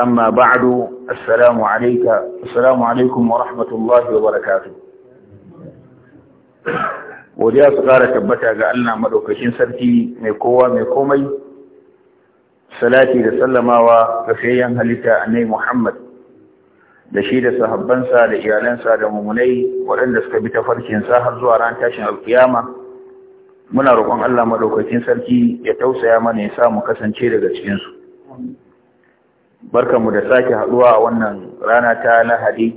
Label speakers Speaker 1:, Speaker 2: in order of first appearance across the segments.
Speaker 1: أما بعد السلام عليك السلام عليكم ورحمة الله وبركاته godiya su ƙara tabbata ga Allah maɗaukakin sarki mai mai komai salati da sallamawa ga fiyayyen halitta annai Muhammad da shi da sahabbansa da iyalansa da mummunai waɗanda suka bi ta tafarkinsa har zuwa ran tashin alkiyama muna rokon Allah maɗaukakin sarki ya tausaya mana ya sa mu kasance daga cikinsu. barkanmu da sake haduwa a wannan rana ta lahadi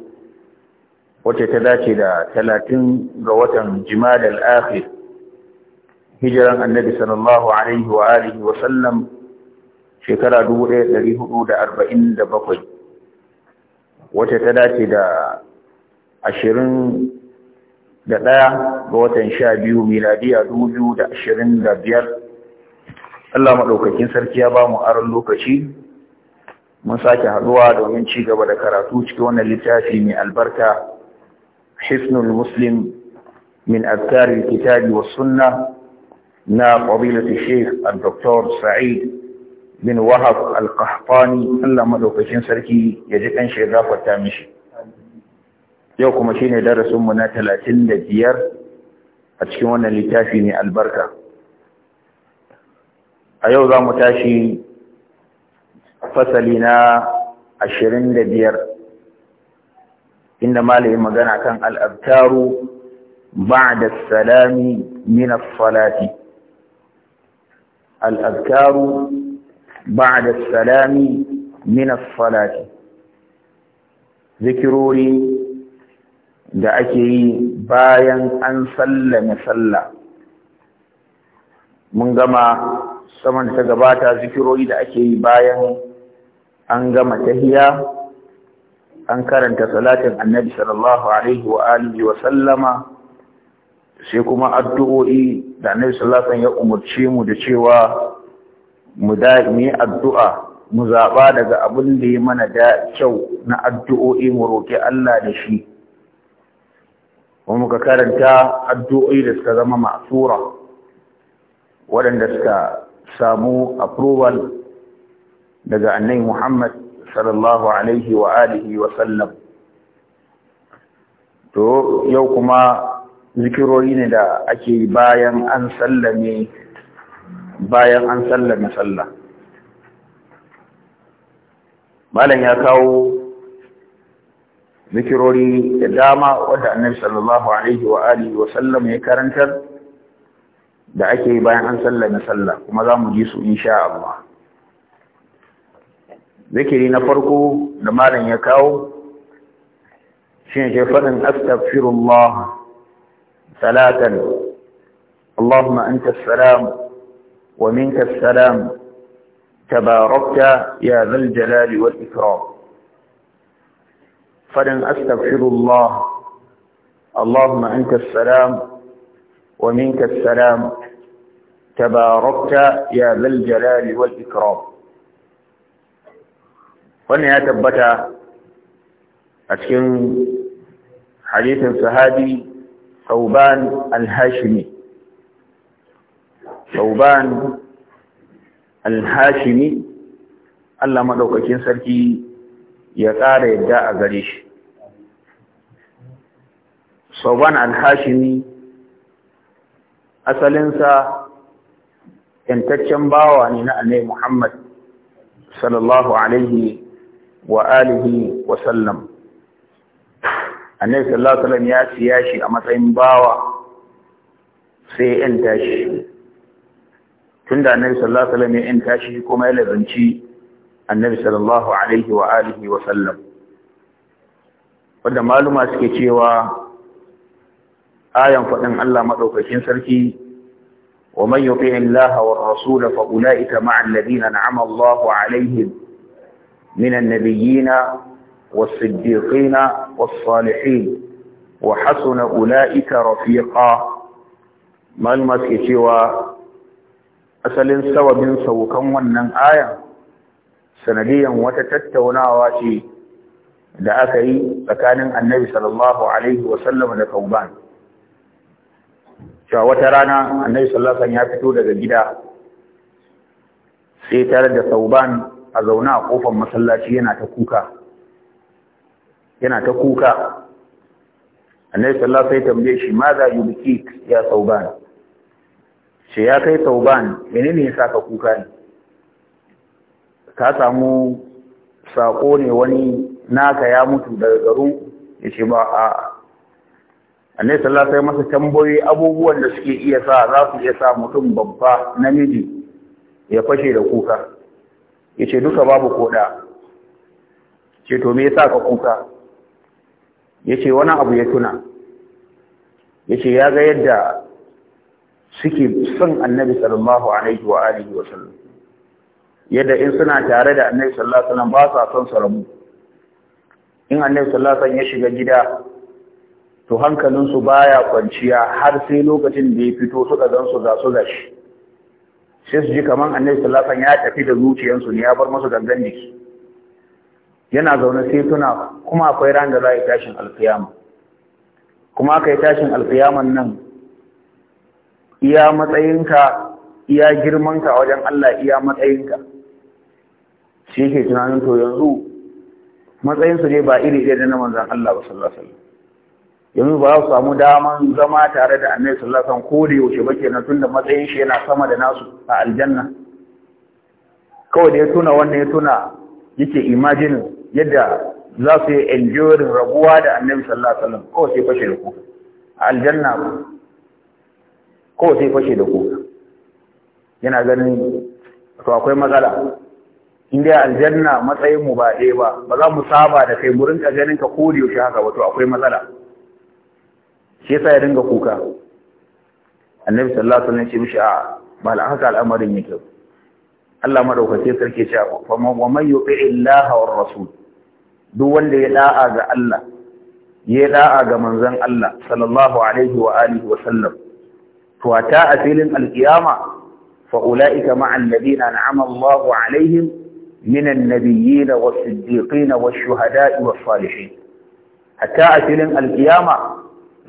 Speaker 1: wacce ta dace da talatin ga watan da akhir hijiran annabi sallallahu alaihi wa alihi wa sallam shekara 1447 wacce ta dace da ashirin da ɗaya ga watan sha biyu miladiya dubu biyu da ashirin da biyar Allah maɗaukakin sarki ya ba mu aron lokaci mun sake haɗuwa domin ci gaba da karatu cikin wannan littafi mai albarka hisnul muslim min azkar kitabi wa sunna na fadilat shaykh al-doktor sa'id bin wahab al-qahtani Allah madaukakin sarki ya ji kan shi mishi yau kuma shine darasin mu na talatin da biyar a cikin wannan littafi mai albarka a yau za mu tashi fasali na ashirin da biyar inda malayi magana kan al'abtaru ba da salami minas salati al'abtaru ba da salami minas salati zikirori da ake yi bayan an sallame sallah mun gama saman ta gabata zikirori da ake yi bayan an gama tahiya an karanta salatin annabi sallallahu alaihi wa alihi wa sallama sai kuma addu'o'i da annabi sallallahu ya umurce mu da cewa mu da mu yi addu'a mu zaba daga abin da ya mana da kyau na addu'o'i mu roƙi Allah da shi kuma muka karanta addu'o'i da suka zama ma'sura waɗanda suka samu approval daga annai Muhammad sallallahu alaihi wa alihi wa sallam to yau kuma zikirori ne da ake bayan an sallame bayan an sallame sallah malam ya kawo zikirori da dama wadda annabi sallallahu alaihi wa alihi wa sallam ya karantar da ake bayan an sallame sallah kuma za mu ji su insha Allah ذكري نفركو لما لن يكاو شنجي فلن أستغفر الله صلاة اللهم أنت السلام ومنك السلام تباركت يا ذا الجلال والإكرام فلن أستغفر الله اللهم أنت السلام ومنك السلام تباركت يا ذا الجلال والإكرام wannan ya tabbata a cikin hadisin sahabi sauban al-hashimi sauban al-hashimi Allah maɗaukakin sarki ya ƙara yadda a gare shi sauban al-hashimi asalinsa yantaccen bawa ne na annai muhammad sallallahu alaihi wa alihi wa sallam annabi sallallahu alaihi wasallam ya siya shi a matsayin bawa sai yan tashi tunda annabi sallallahu alaihi wasallam ya yan tashi kuma ya lazanci annabi sallallahu alaihi wa alihi wa sallam wanda maluma suke cewa ayan fadin Allah madaukakin sarki ومن يطع الله والرسول فأولئك مع الذين نعم الله عليهم من النبيين wa والصالحين وحسن أولئك رفيقا malmas ke cewa asalin sawabin saukan wannan ayan, sanadiyyan wata tattaunawa ce da aka yi tsakanin annabi sallallahu alaihi wasallam da kauban cewa wata rana annabi sallallahu ya fito daga gida sai tare da sauban a zaune a kofar masallaci yana ta kuka yana ta kuka annabi sallallahu alaihi wasallam tambaye shi ma za yubki ya sauban shi ya kai sauban menene yasa ka kuka ne ka samu sako ne wani naka ya mutu daga garin yace ba a annabi sallallahu alaihi wasallam masa tambayoyi abubuwan da suke iya sa za su iya sa mutum babba namiji ya fashe da kuka Ya ce duka babu koda ce to me yasa ka kuka Ya ce wani abu ya tuna Ya ce ya ga yadda suke son annabi sallallahu alaihi wa alihi wa sallam yadda in suna tare da annabi sallallahu alaihi wa sallam ba sa son salamu. in annabi sallallahu alaihi wa sallam ya shiga gida to hankalinsu baya kwanciya har sai lokacin da ya fito suka gan su ga su gashi sai su ji kamar annabi sallallahu alaihi ya tafi da zuciyarsu ne ya bar musu gangan jiki yana zaune sai tuna kuma akwai ran da za a yi tashin alkiyama kuma aka yi tashin alkiyaman nan iya matsayinka iya girmanka a wajen Allah iya matsayinka shi ke tunanin to yanzu matsayinsu ne ba iri ɗaya da na manzan Allah ba sallallahu alaihi yanzu ba za su samu daman zama tare da annabi sallallahu alaihi wasallam ko da yaushe ba kenan tunda matsayin shi yana sama da nasu a aljanna kawai da ya tuna wannan ya tuna yake imagine yadda za su yi enduring rabuwa da annabi sallallahu alaihi wasallam kawai sai fashe da kuka a aljanna kawai sai fashe da kuka yana ganin to akwai matsala in dai aljanna matsayin mu ba ɗaya ba ba za mu saba da kai murinka ganin ka ko da yaushe haka ba to akwai matsala shi yasa ya dinga kuka annabi sallallahu alaihi wasallam ya ce mishi a ba haka al'amarin yake Allah madaukake sarki ce fa man wa man yuti illaha war rasul duk wanda ya da'a ga Allah ya da'a ga manzon Allah sallallahu alaihi wa alihi wa sallam to a ta asilin alqiyama fa ulaika ma'al ladina an'ama Allahu alaihim من النبيين والصديقين والشهداء والصالحين حتى أتلم القيامة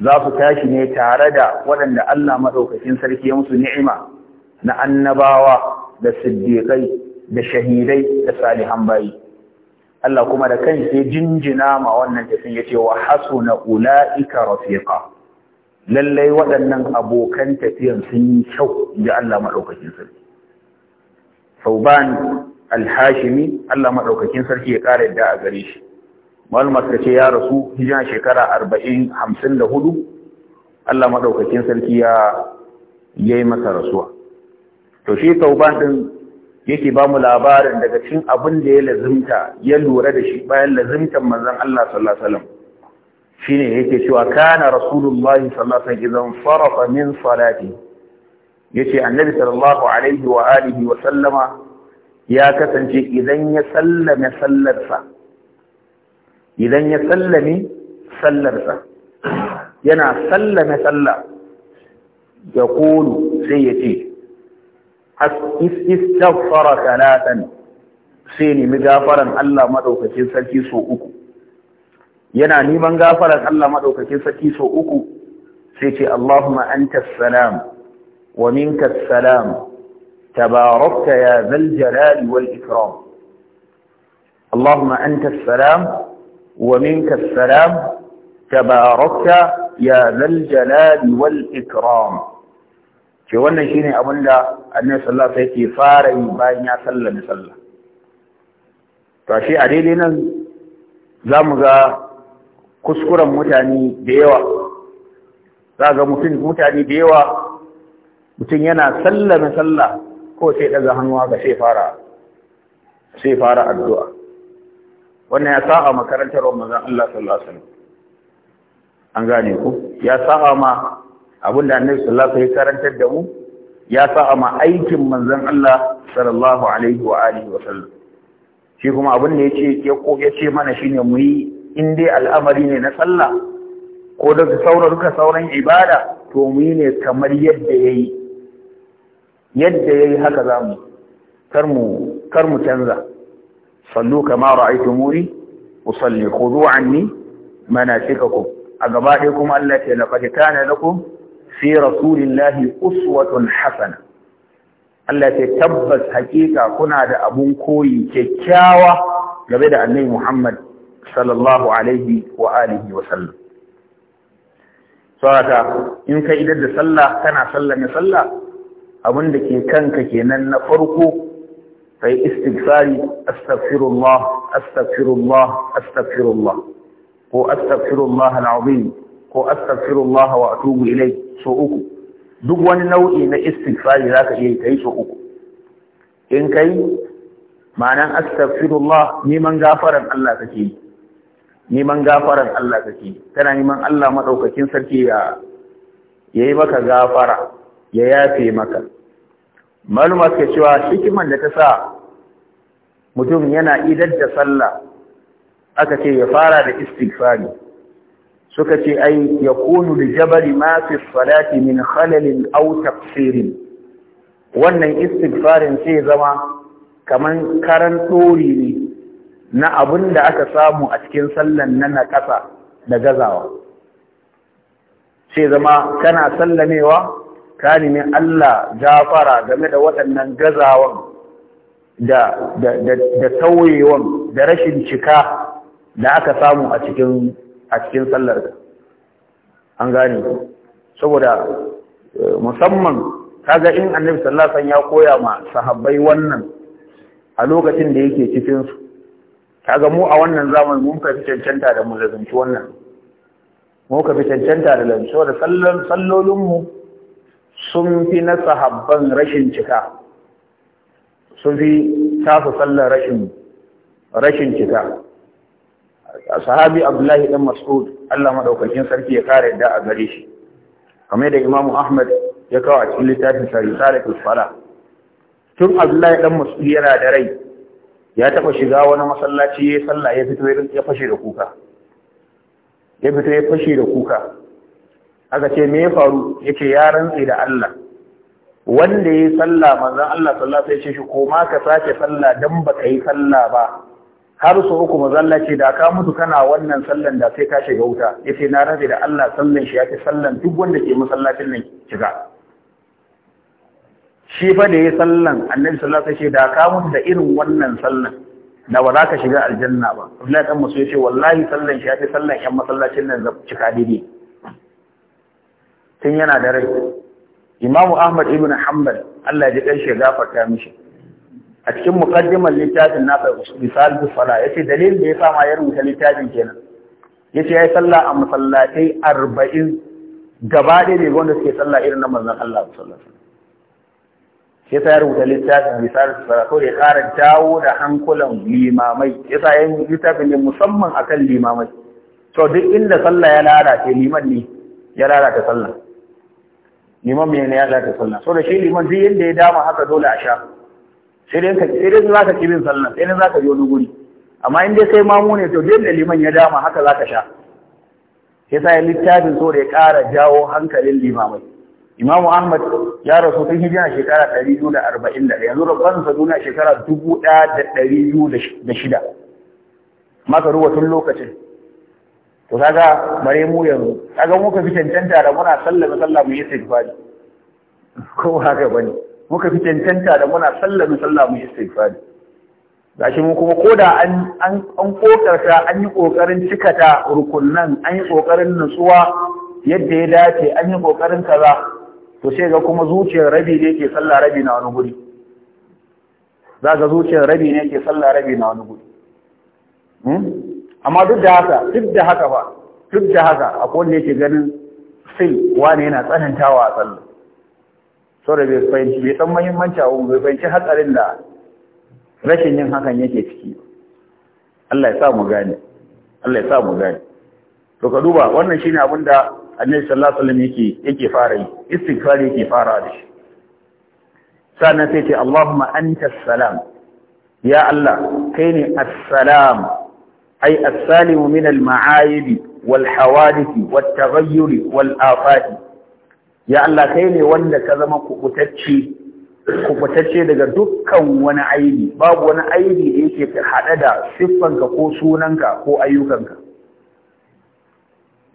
Speaker 1: za ku tashi ne tare da waɗanda Allah maɗaukakin sarki ya musu ni'ima na annabawa da siddiƙai da shahidai da salihan bayi. Allah kuma da kan sai jinjina ma wannan tafin ya ce wa hasuna ula'ika lallai waɗannan abokan tafiyan sun yi kyau ji Allah maɗaukakin sarki. Sauban al Allah maɗaukakin sarki ya ƙara yadda a gare shi. malumar ta ce ya rasu hijiran shekara arba'in hamsin da hudu allah maɗaukakin sarki ya yi masa rasuwa to shi tauban ɗin yake ba mu labarin daga cin abin da ya lazimta ya lura da shi bayan lazimtan manzon Allah sallallahu alaihi wasallam shine yake cewa kana rasulullahi sallallahu alaihi wasallam idan farafa min salati yace annabi sallallahu alaihi wa alihi wa sallama ya kasance idan ya sallame sallarsa idan ya sallame sallarsa yana sallame sallah ya kulu sai ya ce istaghfara talatan sai nemi gafaran Allah madaukakin sarki so uku yana neman gafaran Allah madaukakin sarki so uku sai ce Allahumma anta salam wa minka salam tabarakta ya zal jalali wal ikram Allahumma anta salam ومنك السلام تباركت يا ذا الجلال والإكرام ce wannan shi ne abin da annabi sallallahu alaihi wasallam yake fara yi bayan ya sallame sallah to shi a daidai nan za mu ga kuskuren mutane da yawa za ga mutum mutane da yawa mutum yana sallame sallah ko sai daga hannuwa ga sai fara sai fara addu'a wannan ya sa'a makarantar manzon Allah sallallahu alaihi wasallam an gane ku ya sa'a ma abinda annabi sallallahu alaihi wasallam ya karantar da mu ya sa'a ma aikin manzon Allah sallallahu alaihi wa alihi wasallam shi kuma abin da yace ya ko yace mana shine mu yi in dai al'amari ne na sallah ko da sauran duka sauran ibada to mu yi ne kamar yadda yayi yadda yayi haka zamu kar mu kar mu canza sallu kama ra'aytumuni usalli khudhu anni manasikakum a gaba ɗaya kuma Allah ce laqad kana lakum fi rasulillahi uswatun hasana Allah ce tabbas hakika kuna da abun koyi kyakkyawa game da Annabi Muhammad sallallahu alaihi wa alihi wa sallam saboda in ka idar da sallah kana sallame sallah Abun da ke kanka kenan na farko kai istighfari astaghfirullah astaghfirullah astaghfirullah ko astaghfirullah alazim ko astaghfirullah wa atubu ilai so uku duk wani nau'i na istighfari zaka iya kai so uku in kai ma'anan astaghfirullah neman gafaran Allah kake yi neman gafaran Allah kake kana neman Allah madaukakin sarki ya yayi maka gafara ya yafe maka maluma suka cewa hikiman da ta sa mutum yana idar da sallah aka ce ya fara da istighfari suka ce ai ya kunu da jabari ma fi salati min halalin aw taqsirin wannan istighfarin sai zama kamar karan tsori ne na abin da aka samu a cikin sallan nan na kasa da gazawa sai zama kana sallamewa Kalimin Allah Allah gafara game da waɗannan gazawan da tauyewan da rashin cika da aka samu a cikin a cikin sallar an gane saboda eh, musamman kaga in annabi sallallahu alaihi ya koya ma sahabbai wannan a lokacin da yake cikinsu, ta kaga mu a wannan zamani mun fi cancanta da mu lazanci wannan mu ka fi cancanta da lazanci da sallolinmu. sun fi na sahabban rashin cika sun fi tafi sallar rashin rashin cika sahabi abdullahi dan mas'ud Allah madaukakin sarki ya kare da a gare shi kamar da imamu ahmad ya kawo a cikin littafin sa risalatul fala tun abdullahi dan mas'ud yana da rai ya taba shiga wani masallaci ya sallah ya fito ya fashe da kuka ya fito ya fashe da kuka aka ce me ya faru yake ya rantsi da Allah wanda ya sallah manzon Allah sallallahu alaihi wasallam sai ko ma ka sake sallah dan baka yi sallah ba har su uku mazalla ce da ka mutu kana wannan sallan da sai ka shiga wuta yace na rantsi da Allah sallan shi yake sallan duk wanda ke masallacin nan shiga shi fa da ya sallan annabi sallallahu alaihi wasallam da ka mutu da irin wannan sallan da ba za ka shiga aljanna ba Abdullahi dan musu yace wallahi sallan shi yake sallan yan masallacin nan cika daidai tun yana da rai imamu ahmad ibn hanbal Allah ya kai shi gafarta mishi a cikin muqaddimar littafin nasa misal bi sala yace dalilin da ya sa ma yarin rubuta littafin kenan yace yayi sallah a masallatai arba'in gaba ɗaya ne wanda suke sallah irin na manzon Allah sallallahu alaihi sai ta rubuta littafin misal bi sala ko ya ƙara dawo da hankulan limamai yasa yin littafin ne musamman akan limamai to duk inda sallah ya lalace liman ne ya lalata sallah liman mai ya za ta sallah so da shi liman duk yadda ya dama haka dole a sha sai dai za ka kirin sallah sai dai za ka yi wani guri amma in dai kai mamu ne to yadda liman ya dama haka za ka sha sai sa ya littafin so da ya ƙara jawo hankalin limamai Imam Ahmad ya rasu tun hijira shekara 241 yanzu sa duniya shekara 1206 maka ruwa tun lokacin to kaga bare mu yanzu kaga muka fi cancanta da muna sallama sallah mu yi istighfari ko haka bane muka fi cancanta da muna sallama sallah mu yi istighfari gashi mu kuma koda an an an kokarta an yi kokarin cikata rukunnan an yi kokarin nutsuwa yadda ya dace an yi kokarin kaza to sai ga kuma zuciyar rabi ne ke sallah rabi na wani guri za ga zuciyar rabi ne ke sallah rabi na wani guri hmm? amma duk da haka duk da haka ba duk da haka akwai wanda yake ganin sai wane yana tsanantawa a tsallo saboda bai fahimci bai san muhimmanci abu bai fahimci hatsarin da rashin yin hakan yake ciki Allah ya sa mu gane Allah ya sa mu gane to ka duba wannan shine abin da Annabi sallallahu alaihi wasallam yake yake fara yi istighfar yake fara da shi sannan sai ce Allahumma anta salam ya Allah kai ne salam. أي السالم من المعايب والحوادث والتغير والآفات ya Allah كيني ne wanda ka zama kubutacce دقا daga dukkan wani aibi babu wani aibi في حددا haɗe da siffanka ko sunanka ko ayyukanka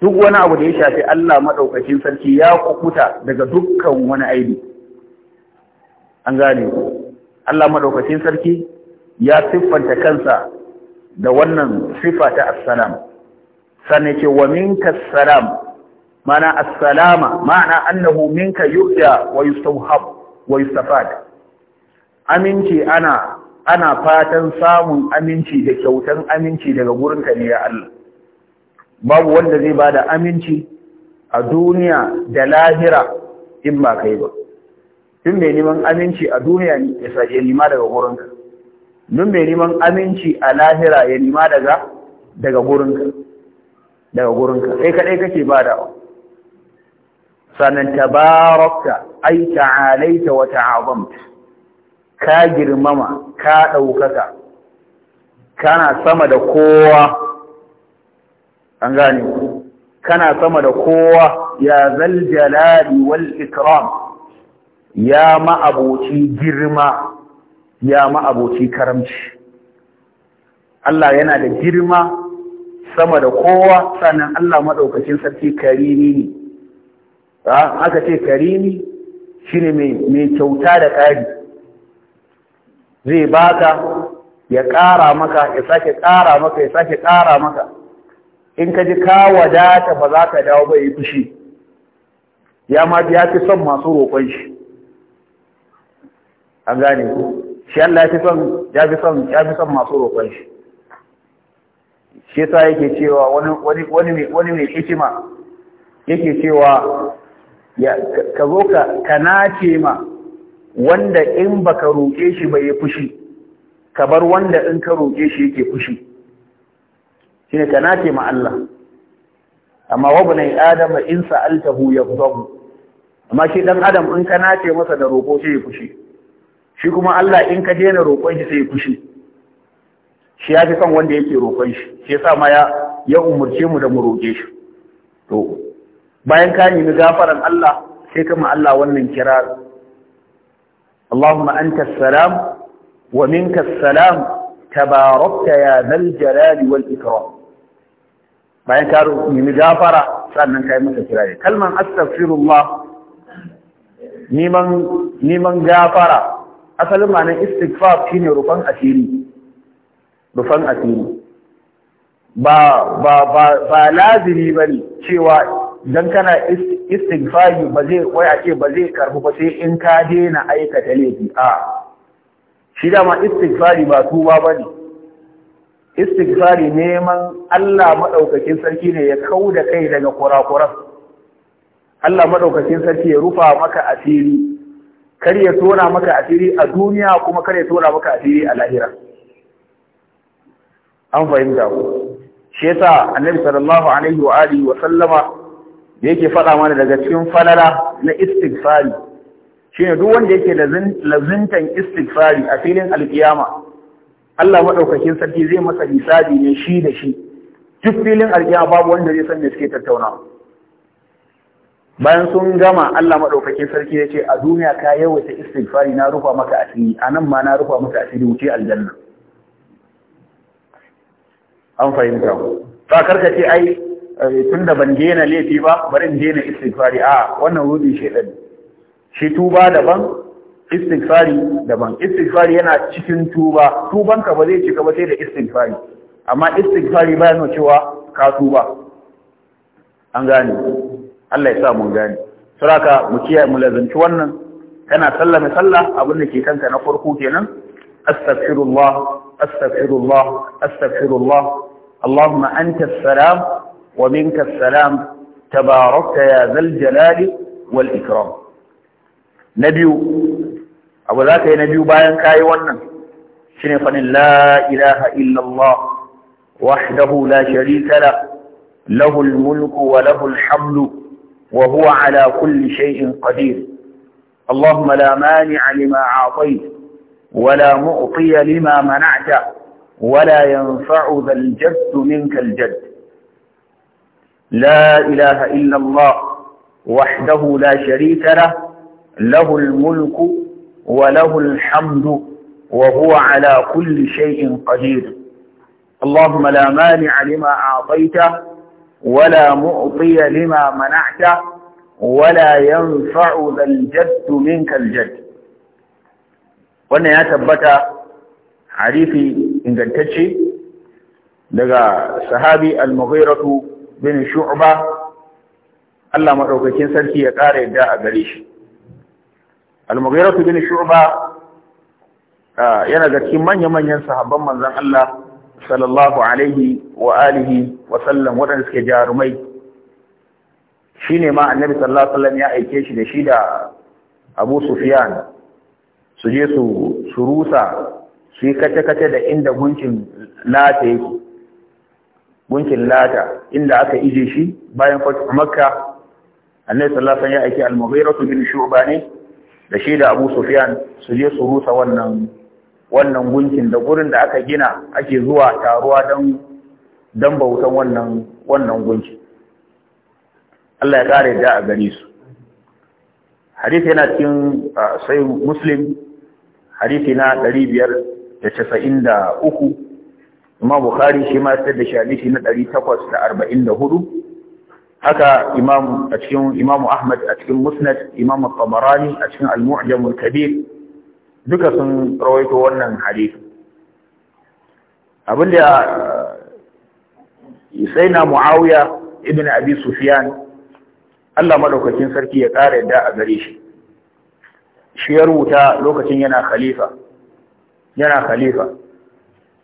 Speaker 1: duk wani abu da ya shafi Allah madaukakin sarki ya kubuta daga dukkan wani aibi an gane Allah madaukakin sarki ya siffanta kansa da wannan sifa ta assalam sanne ce wa minka assalam mana assalama ma'ana annahu minka yubda wa yustawhab wa yustafad aminci ana ana fatan samun aminci da kyautan aminci daga gurinka ne ya Allah babu wanda zai bada aminci a duniya da lahira in ba kai ba tun mai neman aminci a duniya ya sake nima daga gurinka don mai neman aminci a lahira ya nima daga daga gurinka daga gurinka sai kaɗai kake ba da sannan tabarakta ai ta'alaita wa ta'azamta ka girmama ka ɗaukaka kana sama da kowa an gane kana sama da kowa ya zal jalali wal ikram ya ma'aboci girma ya ma'aboci karamci Allah yana da girma sama da kowa sannan Allah maɗaukacin sarki karimi ne aka ce karimi ne mai kyauta da ƙari zai baka ya ƙara maka ya sake ƙara maka ya sake ƙara maka in ka ji ka wadata ba za ka dawo bai yi fushi ya ma ya fi son masu roƙon shi an gane ku shi Allah ya fi son ya fi son masu roƙon shi shi yasa yake cewa wani wani wani mai wani mai hikima yake cewa ya ka zo ka nace ma wanda in baka roƙe shi bai fushi ka bar wanda in ka roƙe shi yake fushi Shi ka nace ma Allah amma wabu ne adama in sa'altahu yaghdab amma shi dan adam in ka nace masa da roƙo shi ya fushi shi kuma Allah in ka daina roƙon shi sai ya kushi shi ya fi son wanda yake roƙon shi shi yasa ma ya ya umurce mu da mu roƙe shi to bayan ka nemi gafaran Allah sai kama Allah wannan kira Allahumma anta salam wa minka salam tabarakta ya dhal jalali wal ikram bayan ka nemi gafara sannan kai masa kira kalman astaghfirullah niman niman gafara asalin ma'anar istighfar shine rufan asiri rufan asiri ba ba ba ba lazimi bane cewa dan kana istighfar ba zai wai a ce ba zai karbu ba sai in ka daina aikata laifi a shi dama istighfar ba tuba bane istighfar neman Allah madaukakin sarki ne ya kauda kai daga kurakuran Allah madaukakin sarki ya rufa maka asiri kar ya tona maka asiri a duniya kuma kar ya tona maka asiri a lahira an fahimta ku shi yasa annabi sallallahu alaihi wa alihi wa sallama da yake faɗa mana daga cikin falala na istighfari shine duk wanda yake da lazuntan istighfari a filin alkiyama Allah madaukakin sarki zai masa hisabi ne shi da shi duk filin alkiyama babu wanda zai san me suke tattaunawa bayan sun gama Allah maɗaukakin sarki ya ce a duniya ka yawaita istighfari na rufa maka asiri a nan ma na rufa maka asiri wuce aljanna an fahimta ku ba karka ce ai eh, da ban daina laifi ba bari in daina istighfari a wannan rudi shaidan. shi tuba daban istighfari daban istighfari yana cikin tuba tuban ka ba zai cika ba sai da istighfari amma istighfari bayan cewa ka tuba an gane Allah ya sa mun gane mu kiyaye mu lazanci wannan kana sallame sallah abin da ke kanka na farko kenan astaghfirullah astaghfirullah astaghfirullah allahumma anta salam wa minka salam tabarakta ya zal jalali wal ikram na biyu abu za ka yi na biyu bayan ka yi wannan shine fadin la ilaha illallah wahdahu la sharika la mulku wa lahul hamlu hamdu وهو على كل شيء قدير اللهم لا مانع لما أعطيت ولا مؤطي لما منعت ولا ينفع ذا الجد منك الجد لا إله إلا الله وحده لا شريك له له الملك وله الحمد وهو على كل شيء قدير اللهم لا مانع لما أعطيته ولا مؤطي لما منعته ولا ينفع ذا الجد منك الجد wannan ya tabbata harifi ingantacce daga sahabi al-mughiratu bin shu'ba Allah madaukakin sarki ya ƙara yadda a gare shi al-mughiratu bin shu'ba yana ga cikin manya-manyan sahabban manzon Allah sallallahu alaihi wa alihi wa sallam waɗanda suke jarumai shi ne ma annabi sallallahu alaihi ya aike shi da shi da abu sufyan su je su rusa su yi kace-kace da inda gunkin lata yake gunkin lata inda aka ije shi bayan fatu makka annabi sallallahu alaihi ya aike al-mughirah bin shubani, da shi da abu sufyan su je su rusa wannan wannan gunkin da gurin da aka gina ake zuwa taruwa don bautan wannan wannan gunkin Allah ya kare da a gare su hadisi yana cikin ah, sai muslim hadisi na 593 imam bukhari shi ma sai da shi na 844 haka imam a cikin imam ahmad a cikin musnad imam al tabarani a cikin al-mu'jam al-kabir duka sun rawaito wannan hadisi abinda eh, sai na muawiya ibn abi sufyan Allah madaukakin sarki ya ƙara yadda a gare shi shi ya rubuta lokacin yana khalifa yana khalifa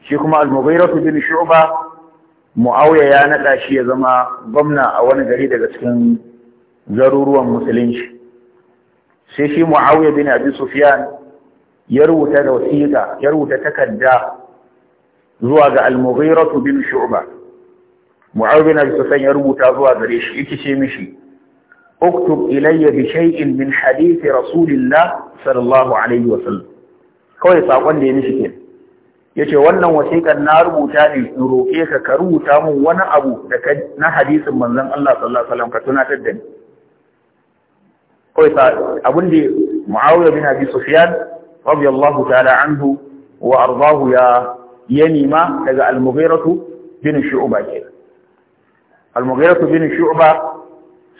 Speaker 1: shi kuma al-mughirah bin shu'ba muawiya ya nada shi ya zama gwamna a wani gari daga cikin garuruwan musulunci sai shi muawiya bin abi sufyan ya rubuta da wasiƙa ya rubuta takarda zuwa ga al-mughiratu bin shu'ba mu'awin al-sufyan ya rubuta zuwa gare shi yake ce mishi uktub ilayya bi shay'in min hadith rasulillah sallallahu alaihi wa kawai sakon da ya mishi ke. ya ce wannan wasiƙar na rubuta ne in roƙe ka ka rubuta mun wani abu na hadisin manzon Allah sallallahu alaihi wasallam ka tunatar da ni kawai sa abin da Muawiya bin Abi Sufyan radiyallahu ta'ala anhu wa ardahu ya ya nima daga al-mughiratu bin shu'ba ke al-mughiratu shu'ba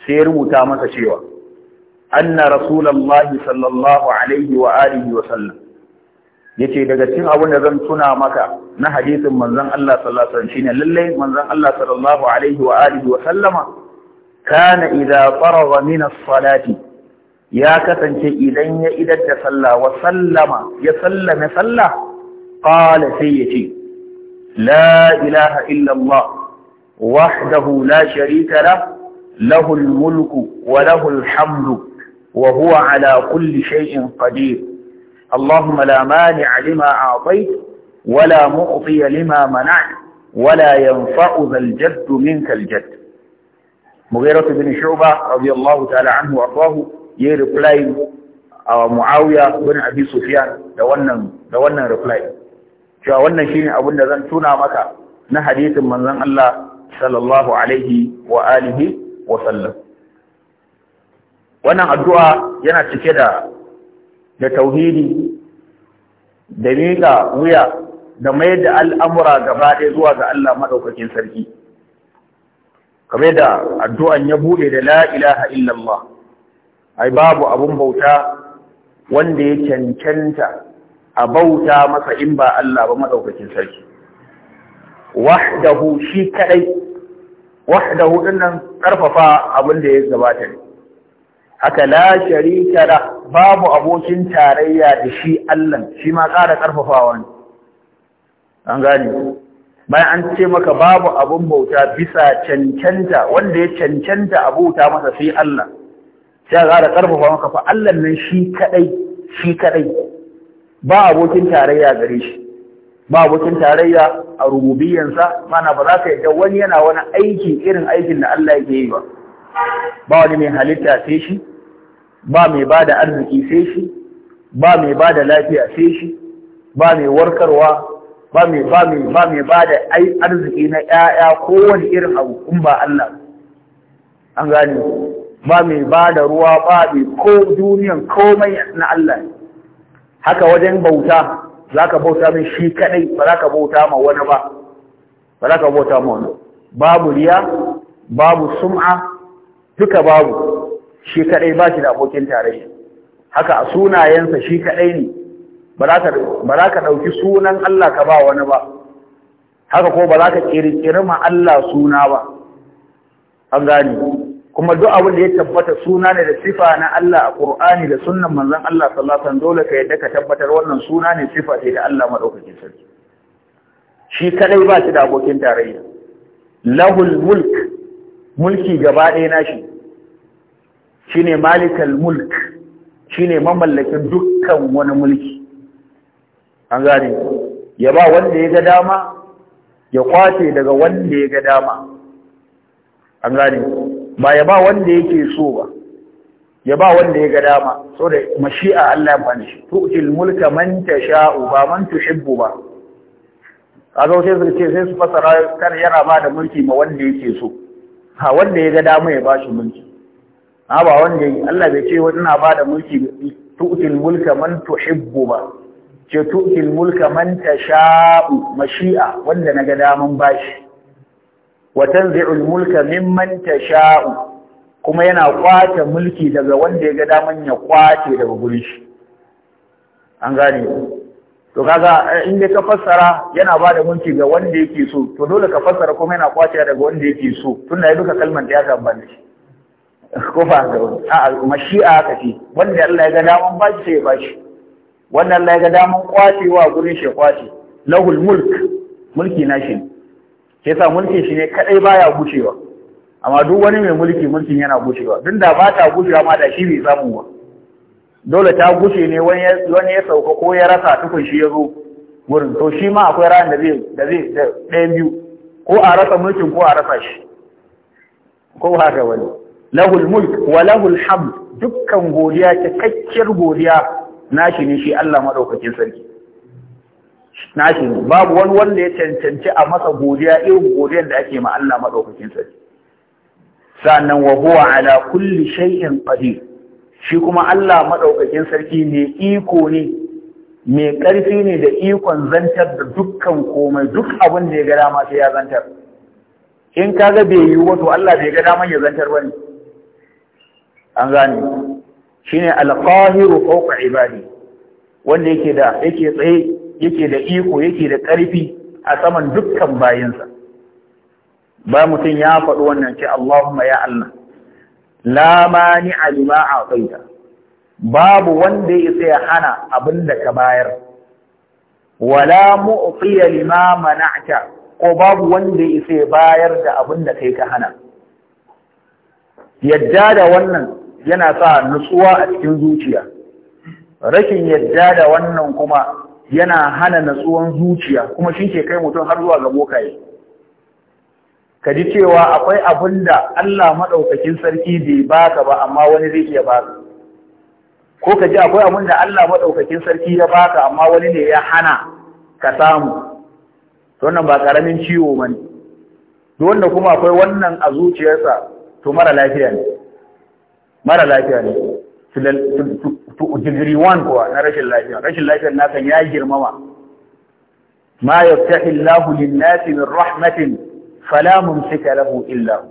Speaker 1: sai rubuta masa cewa anna rasulullahi sallallahu wa yace daga cikin abin da zan tuna maka na hadisin manzon Allah sallallahu alaihi wasallam shine lalle manzon Allah sallallahu alaihi wa alihi wa sallama kana idza faragha min as-salati ya kasance idan ya idar da sallah wa sallama ya sallame sallah qala sai ya ce la ilaha illa Allah wahdahu la sharika lah lahul mulku wa lahul hamdu wa huwa ala kulli shay'in qadir اللهم لا مانع لما أعطيت ولا معطي لما منعت ولا ينفع ذا الجد منك الجد مغيرة بن شعبة رضي الله تعالى عنه وأرضاه ya reply a Muawiya bin Abi Sufyan da wannan da wannan reply cewa wannan shine abin da zan tuna maka na hadisin manzon Allah sallallahu alaihi wa alihi wa sallam wannan addu'a yana cike da da tauhidi da miƙa wuya da mai da al'amura gaba ɗaya zuwa ga Allah maɗaukakin sarki. Kame da addu'an ya buɗe da la ilaha illallah. ai babu abun bauta wanda ya cancanta a bauta masa in ba Allah ba madaukakin sarki wahdahu shi kadai wahdahu dinnan karfafa abin da ya gabata ne haka la sharika da babu abokin tarayya da shi Allah shi ma kara karfafawa ne an gane bayan an ce maka babu abun bauta bisa cancanta wanda ya cancanta a bauta masa sai Allah sai da ƙarfafa maka fa Allah nan shi kaɗai, shi kadai ba abokin tarayya gare shi ba abokin tarayya a rububiyyansa mana ba za ka yadda wani yana wani aiki irin aikin da Allah yake yi ba ba wani mai halitta sai shi ba mai ba da arziki sai shi ba mai ba da lafiya sai shi ba mai warkarwa ba mai ba mai ba mai ba da arziki na ƴaƴa kowane irin abu in ba Allah an gane ba mai ba da ruwa ba mai ko duniyan komai na Allah ne haka wajen bauta za ka bauta mai shi kaɗai ba za ka bauta ma wani ba ba za ka bauta ma wani babu riya babu sum'a duka babu shi kaɗai ba shi da abokin tarayya haka a sunayensa shi kaɗai ne ba za ka ɗauki sunan Allah ka ba wani ba haka ko ba za ka ƙirƙiri ma Allah suna ba an gani kuma duk abin da ya tabbata suna ne da sifa na Allah a Qur'ani da sunnan manzon Allah sallallahu alaihi dole ka yadda ka tabbatar wannan suna ne sifa ce da Allah madaukakin sarki shi kadai ba shi da abokin tarayya lahul mulk mulki gaba ɗaya nashi shine malikal mulk shine mamallakin dukkan wani mulki an gane ya ba wanda ya ga dama ya kwace daga wanda ya ga dama an gane ba ya ba wanda yake so ba ya ba wanda ya ga dama da mashi'a Allah bani ne tu'til mulka man tasha'u ba man tuhibbu ba kaga sai su ce sai su fasara kan yana ba da mulki ma wanda yake so ha wanda ya ga dama ya ba shi mulki ha ba wanda yake Allah bai ce na ba da mulki tu'til mulka man tuhibbu ba ce tu'til mulka man tasha'u mashi'a wanda na ga daman bashi wa tanzi'ul mulka mimman tasha'u kuma yana kwace mulki daga wanda ya ga daman ya kwace daga gurin shi an gane to kaga eh, in dai ka fassara yana ba da mulki ga wanda yake so to dole ka fassara kuma yana kwace daga wanda yake so tunda ya duka kalmar da ya tabbata shi ko ba ga wani a mashi'a ka ce wanda Allah ya ga daman ba shi sai ya ba shi wanda Allah ya ga daman kwacewa gurin shi kwace lahul mulk mulki nashi ne. sai sa mulkin shi ne kadai baya gushewa amma duk wani mai mulki mulkin yana gushewa Dunda da ba ta gushewa ma da shi bai samu ba dole ta gushe ne wani ya sauka ko ya rasa tukun shi ya zo wurin to shi ma akwai ran da zai da zai ɗayan biyu ko a rasa mulkin ko a rasa shi ko haka wani lahul mulk wa lahul hamd dukkan godiya cikakkiyar godiya nashi ne shi Allah madaukakin sarki nashi babu wani wanda ya cancanci a masa godiya irin godiyar da ake ma Allah madaukakin sarki sannan wa huwa ala kulli shay'in qadir shi kuma Allah madaukakin sarki ne iko ne mai ƙarfi ne da ikon zantar da dukkan komai duk abin da ya ga dama sai ya zantar in kaga bai yi wato Allah bai ga dama ya zantar bane an gane shine al-qahiru fawqa ibadi wanda yake da yake tsaye yake da iko yake da ƙarfi a saman dukkan bayinsa ba mutum ya faɗi wannan ce Allahumma ya Allah la mani alima a babu wanda ya isa ya hana abin da ka bayar wala mu'tiya lima mana'ta ko babu wanda ya isa bayar da abin da kai ka hana yadda da wannan yana sa nutsuwa a cikin zuciya rashin yadda da wannan kuma yana hana natsuwan zuciya kuma shi ke kai mutum har zuwa ga bokaye ka ji cewa akwai abin da Allah maɗaukakin sarki bai baka ba amma wani zai iya baka ko ka ji akwai abin da Allah maɗaukakin sarki ya baka amma wani ne ya hana ka samu wannan ba ƙaramin ciwo ba ne wanda kuma akwai wannan a zuciyarsa to mara lafiya ne mara lafiya ne to degree 1 kuwa na rashin lafiya rashin lafiyar kan ya girmama ma yaftahi Allahu lin-nasi min rahmatin fala mumsika lahu illa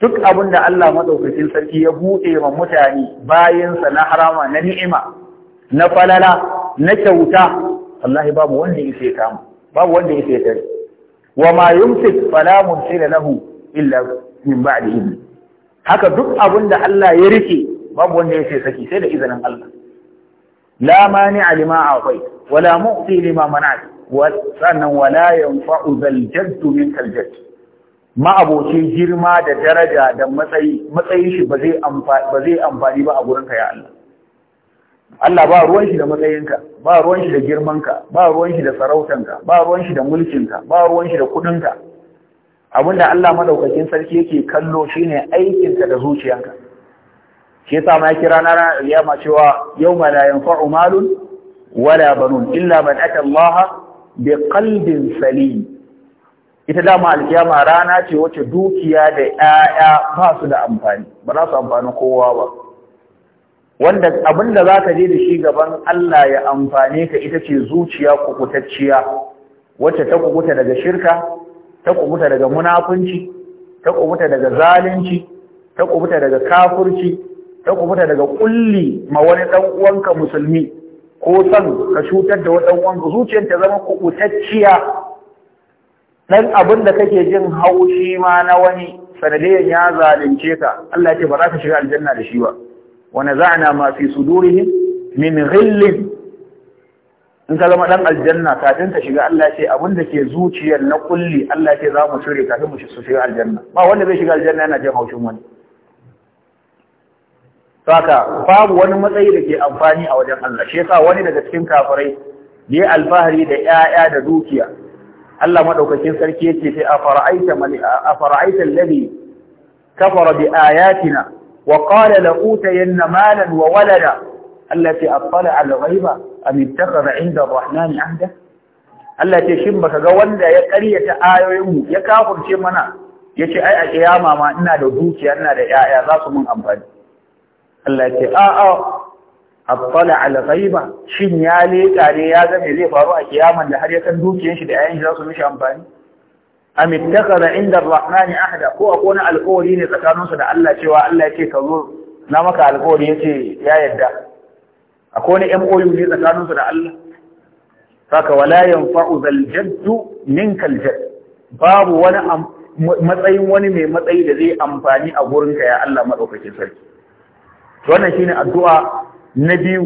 Speaker 1: duk abinda Allah madaukakin sarki ya bude wa mutane bayansa na harama na ni'ima na falala na kyauta wallahi babu wanda yake kama babu wanda yake tare wa ma yumsik fala mumsika lahu illa min haka duk abinda Allah ya rike babu wanda yake saki sai da izinin Allah la mani alima akwai wala mu'ti lima mana'at sannan wala yanfa'u zal jadd min kal ma'aboci girma da daraja da matsayi matsayin shi ba zai amfani ba a gurin ka ya Allah Allah ba ruwan shi da matsayinka ba ruwan shi da girmanka ba ruwan shi da sarautanka ba ruwan shi da mulkinka ba ruwan shi da kudinka abinda Allah madaukakin sarki yake kallo shine aikinka da zuciyanka shi yasa ma kira na ranar alkiyama cewa yawma la yanfa'u malun wala banun illa man ata Allah bi qalbin salim ita da ma alkiyama rana ce wacce dukiya da 'ya'ya ba su da amfani ba za su amfani kowa ba wanda abin da za ka je da shi gaban Allah ya amfane ka ita ce zuciya kukutacciya wacce ta kukuta daga shirka ta kukuta daga munafunci ta kukuta daga zalunci ta kukuta daga kafurci ta kufuta daga kulli ma wani dan uwanka musulmi ko san ka cutar da wani dan uwanka zuciyar ta zama kubutacciya dan abin da kake jin haushi ma na wani sanadiyan ya zalunce ka Allah ya ce ba za ka shiga aljanna da shi ba wa naza'na ma fi sudurihim min ghillin in ka zama dan aljanna kafin ka shiga Allah ya ce abin da ke zuciyar na kulli Allah ya ce za mu shirye kafin mu shiga aljanna ba wanda bai shiga aljanna yana jin haushin wani saka babu wani matsayi da ke amfani a wajen Allah shi yasa wani daga cikin kafirai ya alfahari da 'ya'ya da dukiya Allah madaukakin sarki yake sai afara'aita man afara'aita alladhi kafara bi ayatina wa qala la utayanna malan wa walada allati attala al-ghaiba am ittakhadha 'inda ar 'ahda Allah ce shin baka ga wanda ya ƙaryata ayoyinmu ya kafirce mana yace ai a kiyama ma ina da dukiya ina da 'ya'ya za su mun amfani Allah ce a ah, ah, a al ghaiba shin ya leka ne ya ga zai faru a kiyaman da har ya san dukiyar shi da yayin shi za su mishi amfani am ittakhadha inda ar-rahman ahada ko akwai alƙawari ne tsakaninsu da Allah cewa Allah yake ka zo na maka alƙawari yace ya yadda akwai ne MOU ne tsakaninsu da Allah saka wala yanfa'u zal jaddu minka al jadd babu wani matsayin wani mai matsayi da zai amfani a gurinka ya Allah madaukakin sarki wannan shine addu'a na biyu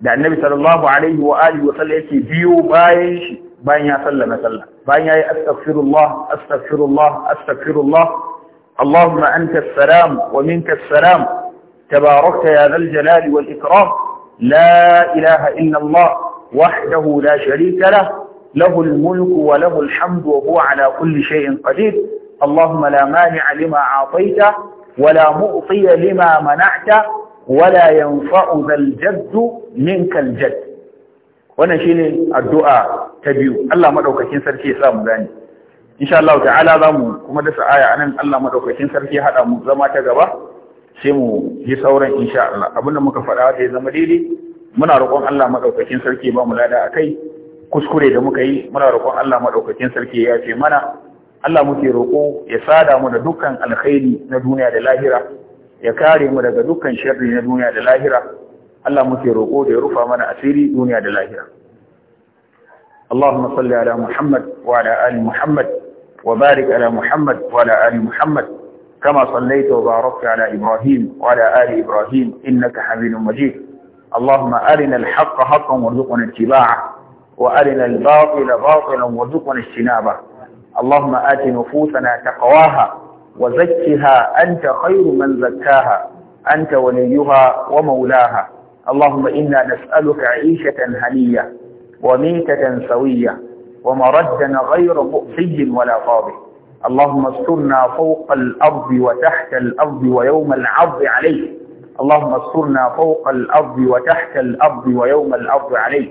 Speaker 1: da annabi sallallahu alaihi wa alihi wa sallam yake biyo bayan shi bayan ya sallama sallah bayan yayi astaghfirullah astaghfirullah astaghfirullah allahumma anta as-salam wa minka as-salam السلام ya dhal ذا wal ikram la ilaha illa allah wahdahu la sharika lah له الملك وله الحمد وهو على كل شيء قدير اللهم لا مانع لما أعطيته ولا مؤطي لما منعت ولا ينفع ذا الجد منك الجد wannan shine addu'a ta biyu Allah madaukakin sarki ya sa mu gani insha Allah ta'ala zamu kuma dasa aya anan Allah madaukakin sarki ya hada mu zama ta gaba sai mu yi sauran insha Allah abinda muka faɗa ya zama daidai muna roƙon Allah madaukakin sarki ba mu lada akai kuskure da muka yi muna roƙon Allah madaukakin sarki ya yace mana Allah muke roƙo ya sada mu da dukkan alkhairi na duniya da lahira ya kare mu daga dukkan sharri na duniya da lahira Allah muke roƙo da ya rufa mana asiri duniya da lahira Allahumma salli ala Muhammad wa ala ali Muhammad wa ala Muhammad wa ala ali Muhammad kama sallaita wa barakta ala Ibrahim wa ala ali Ibrahim innaka Hamidum Majid اللهم أرنا الحق حقا وارزقنا اتباعه وأرنا الباطل باطلا وارزقنا اجتنابه اللهم آت نفوسنا تقواها وزكها أنت خير من زكاها أنت وليها ومولاها اللهم إنا نسألك عيشة هنية وميتة سوية ومردنا غير مؤذي ولا قاضي اللهم استرنا فوق الأرض وتحت الأرض ويوم العرض عليه اللهم استرنا فوق الأرض وتحت الأرض ويوم العرض عليه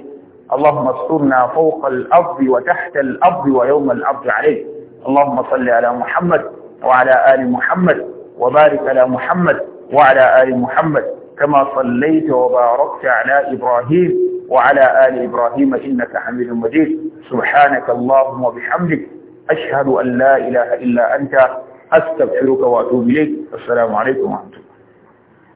Speaker 1: اللهم استرنا فوق الأرض وتحت الأرض ويوم الأرض عليه اللهم صل على محمد وعلى آل محمد وبارك على محمد وعلى آل محمد كما صليت وباركت على إبراهيم وعلى آل إبراهيم إنك حميد مجيد سبحانك اللهم وبحمدك أشهد أن لا إله إلا أنت أستغفرك وأتوب إليك السلام عليكم ورحمة الله